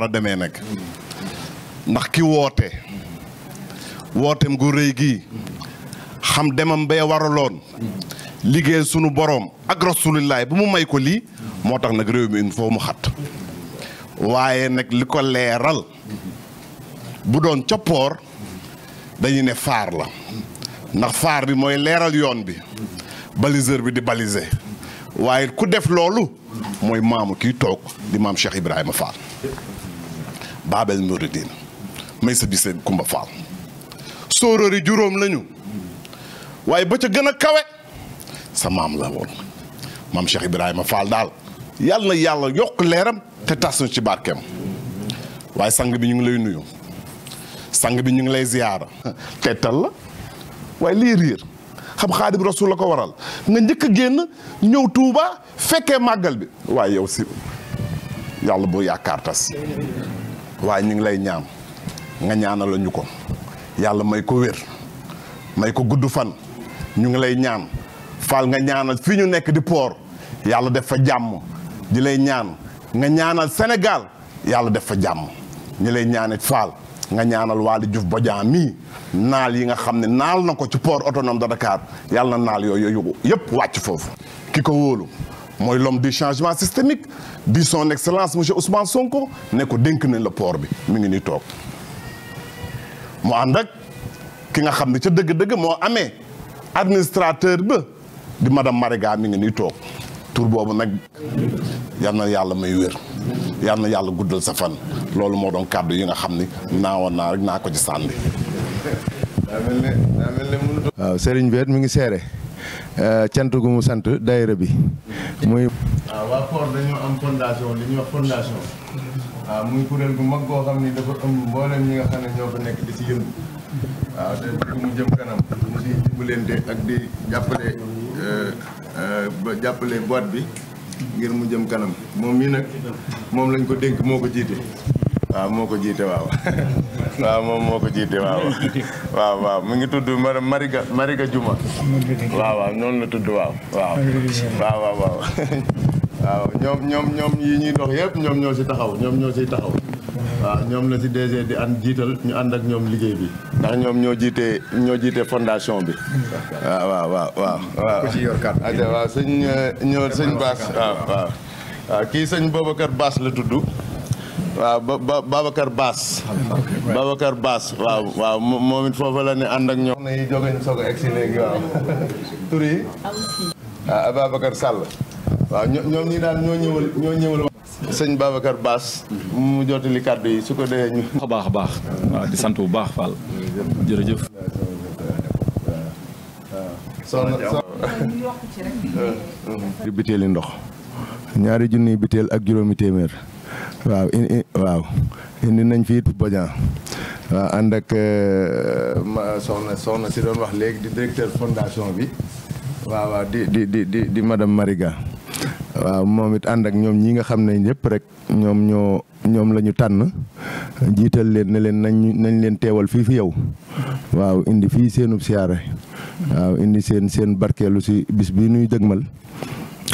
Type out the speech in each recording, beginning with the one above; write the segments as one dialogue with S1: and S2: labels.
S1: war demee nag ndax ki woote wootem gu rëy gi xam demam bee waraloon liggéey sunu boroom ak rasulillahi ba mu may ko lii moo tax nag réew mi mu xat waaye nag li ko leeral bu doon coppoor dañu ne faar la ndax faar bi mooy leeral yoon bi baliseur bi di baliser waaye ku def loolu mooy maamu kiy toog di maam Cheikh Ibrahima Fall Baabel Mouridine may sa bisee Kumba Faal sóoróor juróom lañu waaye ba ca gën a kawe sa maam la woon maam Cheikh Ibrahima Fall daal yàlla yàlla yokk leeram te tas ci barkeem waaye sang bi ñu ngi lay nuyu sang bi ñu ngi lay ziyaara teetal la waaye lii riir xam xaadim rasul la ko waral nga njëkk a génn ñëw Tuuba fekkee màggal bi waaye yow si yàlla boo yaakaar tas waaye ñu ngi lay ñaan nga ñaanal ñu ko yàlla may ko wér may ko gudd fan ñu ngi lay ñaan faal nga ñaanal fii ñu nekk di poor yàlla def fa jàmm di lay ñaan nga ñaanal senegal yàlla def fa jàmm ñu lay ñaanit faal nga ñaanal Waly Diouf Bodian mii naal yi nga xam ne naal na ko ci port autonome de Dakar yàlla naal yooyu yëpp wàcc foofu ki ko wóolu mooy l'homme du changement systémique di son excellence monsieur Ousmane Sonko ne ko dénk nañ la port bi mu ngi ni toog mu ànd ak ki nga xam ca dëgg moo amee administrateur ba di madame Mariga mi ngi ni toog tur boobu nag yal na yàlla may wér yal na yàlla guddal sa fan loolu moo doon kàddu yi nga xam ni naawoon naa rek naa ko ci sànni.
S2: waaw Serigne Bette mi ngi seere Euh, cant gu mu sant dayre bi muy waaw ah, waa koor dañoo am fondation li ñuy wax fondation waaw ah, muy kuréel gu mag goo xam ni dafa ëmb mboolem ñi nga xam ne ñoo ko nekk di ci yëngu waaw ah, te bu mu jëm kanam mu di dimbalante ak di jàppale euh, euh, jàppale boîte bi ngir mu jëm kanam moom mii nag moom lañ ko dégg moo ko jiite waaw moo ko jiite waaw waaw waaw mu ngi tudd Mar Mariga Mariga Juma waaw waaw la tudd waaw waaw waaw waaw waaw waaw ñoom ñoom ñoom yi ñuy dox yëpp ñoom ñoo si taxaw ñoom ñoo si taxaw waaw ñoom la si DG di ànd jiital ñu ànd ak ñoom liggéey bi ndax ñoom ñoo jiite ñoo jiite fondation bi waaw waaw waaw waaw waaw sëñ euh, ñoo sëñ Baas waaw waaw waaw kii sëñ Baas la tudd waaw ba Baas. Babacar Baas waaw waaw moom it foofu la ne ànd ak ñoom. na yi jóge ñu soog a egg si léegi waaw tur yi. ah waaw ñoom ñi daal ñoo ñëwal ñoo ñëwal. sëñ Babacar Baas. mu jottali kàddu yi su ko dee ñu. baax a baax waaw di sant bu baax Fall. jërëjëf. soxna
S3: soxna.
S2: bitéeli ndox. ñaari junniy bitéel ak juróomi téeméer. waaw waaw indi nañ fi it Bodian waaw ànd ak euh, ma soxna soxna si doon wax léegi di directeur fondation bi waaw di di di di di madame Mariga waaw moom it ànd ak ñoom ñi nga xam ne ñëpp rek ñoom ñoo ñoom lañu tànn jiital leen ne leen nañ leen teewal fii fi yow waaw indi fii seenub siyaare waaw indi seen seen barkeelu si bis bi nuy dëgmal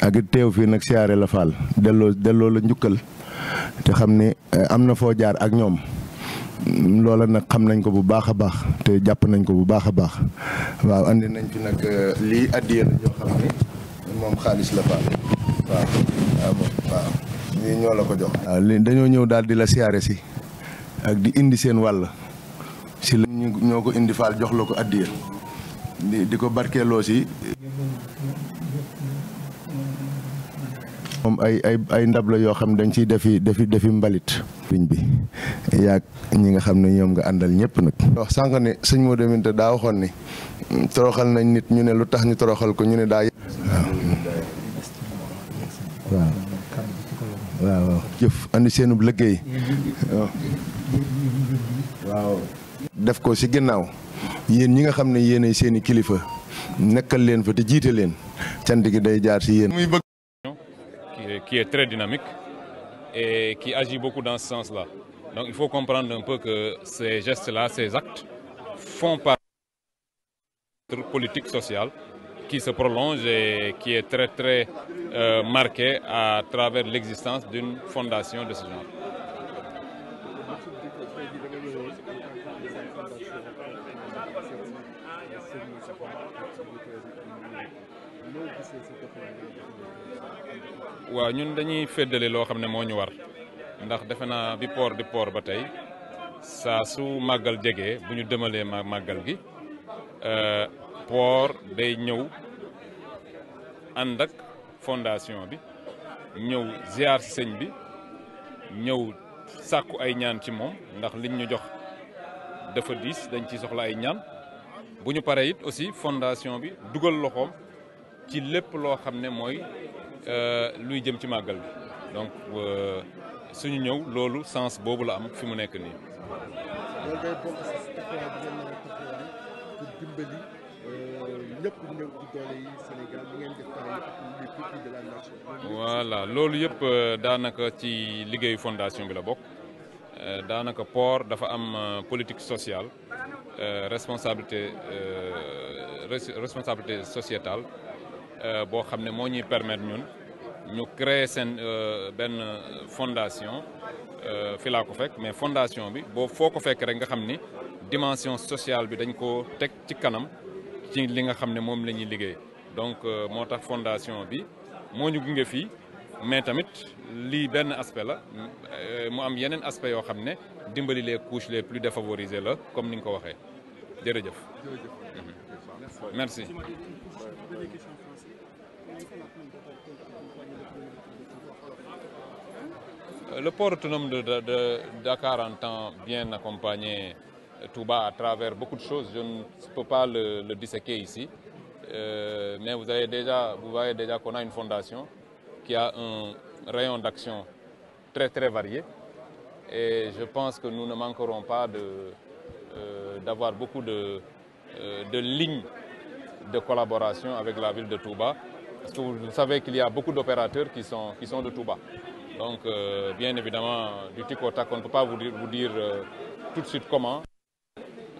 S2: ak it teew fii nag siyaare la faal delloo delloo la njukkal te xam ni euh, am na foo jaar ak ñoom loola nag xam nañ ko bu baax a baax te jàpp nañ ko bu baax a baax waaw andi nañ fi nag euh, lii addiya la xam ne moom xaalis la faal waaw waaw ñii ñoo la ko jox. waaw li dañoo ñëw daal di la siyaare si ak di indi seen wàll si la ñoo ko indi faal jox la ko addiya di ko barkeeloo si moom ay ay ay ndab la yoo xam ne dañ ciy defi defi defi mbalit. biñ bi yaag ñi nga xam ne ñoom nga àndal ñëpp nag. wax sànq ne sëñ moo deminte daa waxoon ni toroxal nañ nit ñu ne lu tax ñu toroxal ko ñu ne daa. waaw waaw def ko ci ginnaaw yéen ñi nga xam ne yéenay seeni kilifa nekkal leen fa te jiite leen cant gi day jaar ci yéen.
S3: qui est très dynamique et qui agit beaucoup dans ce sens-là. Donc il faut comprendre un peu que ces gestes-là, ces actes, font partie de politique sociale qui se prolonge et qui est très très euh, à travers l'existence d'une fondation de ce genre. waaw ñun dañuy féddale loo xam ne moo ñu war ndax defe naa bi port di port ba tey saa su màggal jegee bu ñu demalee ma màggal gi euh, port day ñëw ànd ak fondation bi ñëw ziar si sëñ bi ñëw sàkku ay ñaan ci moom ndax liñ ñu jox dafa diis dañ ciy soxla ay ñaan bu ñu paree it aussi fondation bi dugal loxoom ci lépp loo xam ne mooy euh, luy jëm ci màggal bi donc euh, suñu ñëw loolu sens boobu la am fi mu nekk nii. loolu euh, loolu yëpp daanaka ci liggéeyu fondation bi la bokk daanaka poor dafa am politique sociale responsabilité responsabilité sociétale. Euh, boo xam ne moo ñuy permettre ñun ñu créer seen euh, benn fondation euh, fi laa ko fekk mais fondation bi boo foo ko fekk rek nga xam ni dimension sociale bi dañ ko teg ci kanam ci li nga xam ne moom la ñuy liggéey donc moo tax fondation bi moo ñu gunge fii mais tamit lii benn aspect la mu am yeneen aspect yoo xam ne dimbali les couches les plus défavorisées la comme ni nga ko waxee jërëjëf mhm. Euh, le port autonome de, de, Dakar entend bien accompagner euh, Touba à travers beaucoup de choses. Je ne peux pas le, le disséquer ici. Euh, mais vous, avez déjà, vous voyez déjà qu'on a une fondation qui a un rayon d'action très très varié. Et je pense que nous ne manquerons pas euh, d'avoir euh, beaucoup de, euh, lignes de collaboration avec la ville de Touba. Vous savez qu'il y a beaucoup d'opérateurs qui sont, qui de tout Donc, euh, bien évidemment, du tic au tac, on ne peut pas vous dire, euh, tout de suite comment.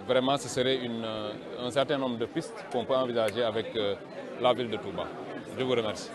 S3: Vraiment, ce serait une, euh, un certain nombre de pistes qu'on peut envisager avec euh, la ville de Touba. Je vous remercie.